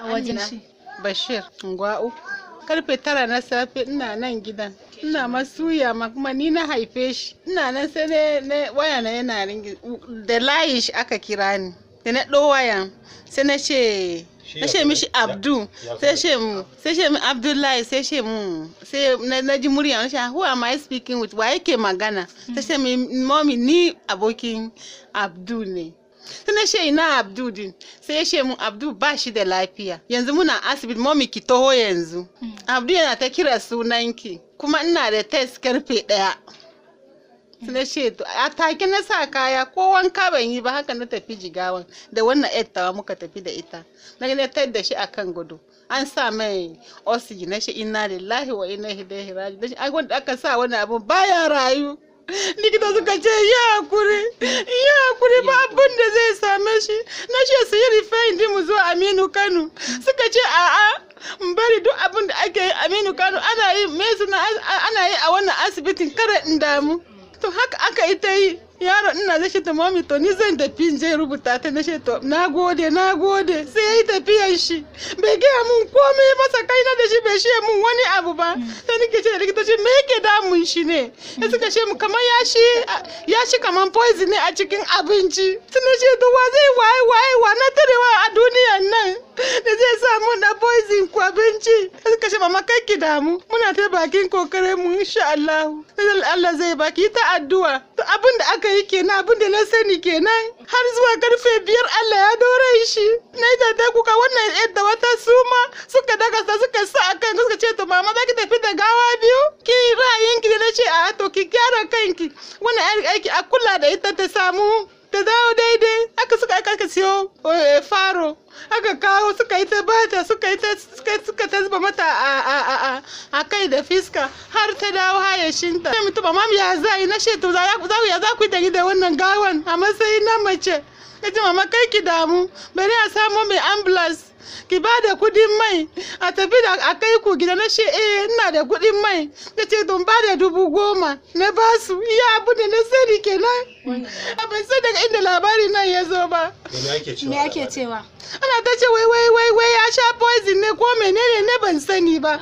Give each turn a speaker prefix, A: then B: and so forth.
A: a bashir ngwa'u karfe tara na safe ina nan gidan ina masuya ma kuma ni na haife shi ina nan sai ne waya na yana ringi da layi shi aka kira ni da na ɗo waya sai na ce na ce mishi abdu sai ce mu sai ce mu abdullahi sai ce mu sai na ji murya na ce ah, who am i speaking with wa yake magana mm. sai ce mu mommy ni abokin abdu ne sai na ce ina abdu din sai ya ce mun abdu ba shi da lafiya yanzu muna asibiti mami ki taho yanzu hmm. abdu yana ta kira sunanki kuma ina da test karfe daya na ce a take na sa kaya ko wanka ban yi ba haka na tafi jigawan da wannan yar tawa muka tafi da ita na ga na da shi akan gudu an sa mai osi na shi inna lillahi wa inna ilaihi raji ai wanda aka sa wani abu baya rayu likita suka ce ya hakuri ya hakuri ba abin da zai same shi na ce su yi rifayin dimu zuwa aminu kano suka ce a'a in bari duk abin da ake yi aminu kano ana yi ana yi a wannan asibitin kare in damu to haka aka ita yi yaro ina zai shi ta mami ni zan tafi in je rubuta ta na to na gode na gode sai ya yi tafiyan shi bai gaya mun komai ba sakai na da shi bai shi mun wani abu ba sai nake ce da likitoci me yake damun shi ne sai suka ce mu kamar ya shi ya shi kamar poison ne a cikin abinci sai na ce to wa zai waye waye wa na wa a duniyan nan da zai samu na poison mama kai ki damu muna ta bakin kokarin mu insha Allah Allah zai baki ta addu'a to abin da aka yi kenan abin da na sani kenan har zuwa karfe biyar Allah ya dore shi na yi ta kuka wannan yadda wata suma suka daga sa suka sa akan suka ce to mama za ki tafi da gawa biyu ki ra'ayinki da na ce a to ki gyara kanki wannan aiki a kula da ita ta samu ta dawo daidai haka suka aka siyo eh, faro aka kawo suka yi ta bata suka yi ta suka ta zuba mata a kai da fiska har ta dawo hayashinta ta mutu ba mam ya za yi na she to za ya za ku da da wannan gawan a matsayin na mace ita mama kai ki damu bari a samo mai ambulance ki ba da kudin mai a tafi da a kai ku gida na ce eh ina da kudin mai Na ce don ba da dubu goma na ba su iya abu da na sani kenan a bai san daga inda labari nan ya zo ba me ake cewa ana ta ce wai wai wai ya sha poison ne ko menene ne ban sani ba